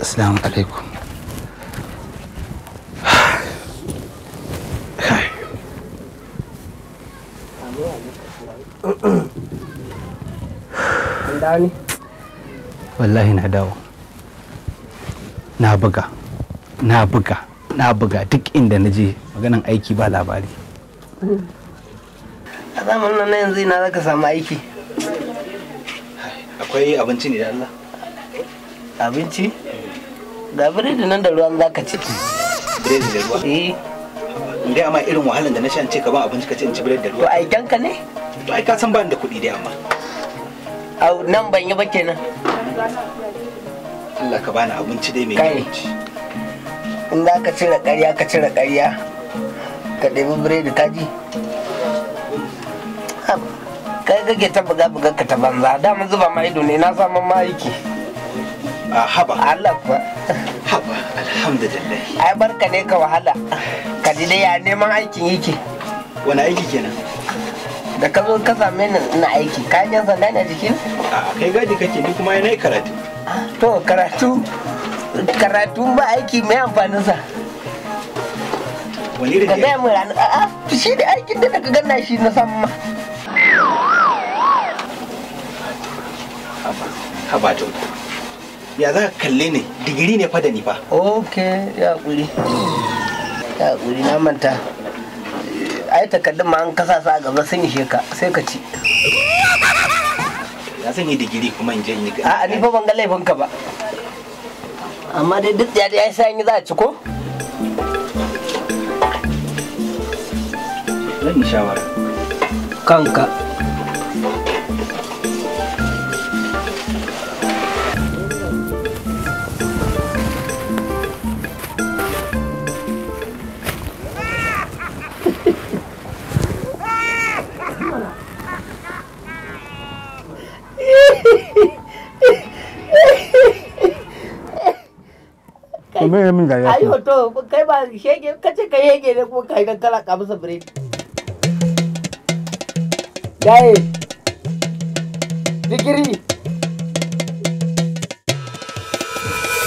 Assalamu alaikum. Wallahi na dawo. Na buga, na buga, na buga duk inda na je maganan aiki ba labari. a zamanin nan yanzu ina zaka samu aiki akwai abinci ne da Allah abinci ga biredi nan da ruwan zaka ci biredi da ruwa eh dai amma irin wahalan da na shan ce ka ban abinci ka ce in ci biredi da ruwa to ai danka ne to ai ka san ban da kuɗi dai amma au nan ban yi ba kenan Allah ka bani abinci dai mai kyau in za ka cire ƙarya ka cire ƙarya ka ɗebi biredi ka ji haka kai kake ta buga buga ka ta banza da mun zuba ma ido ne na samu ma a haba Allah kuwa haba alhamdulillah ai barka ne ka wahala ka ji dai ya neman aikin yake wani aiki kenan da ka zo ka same ni ina aiki ka yan sanda ne jikin a kai gadi kake ni kuma yana karatu to karatu karatu ba aiki mai amfani sa da ka gaya mu ranar a'a shi da aikin da ka ganna shi na samu ma haba haba jauta ya za ka kalle ne digiri ne fa da ni fa oke ya kuri ya kuri na manta ai takardun ma an kasa sa gaba sun ishe ka sai ka ci ya san yi digiri kuma in je ni a ni fa ban ga laifin ka ba amma dai duk ya dai sai yi za a ci ko zan yi shawara kanka kai me min dariya ayo to kai ba shege kace kai yege ne kai dan ka masa bire dai digiri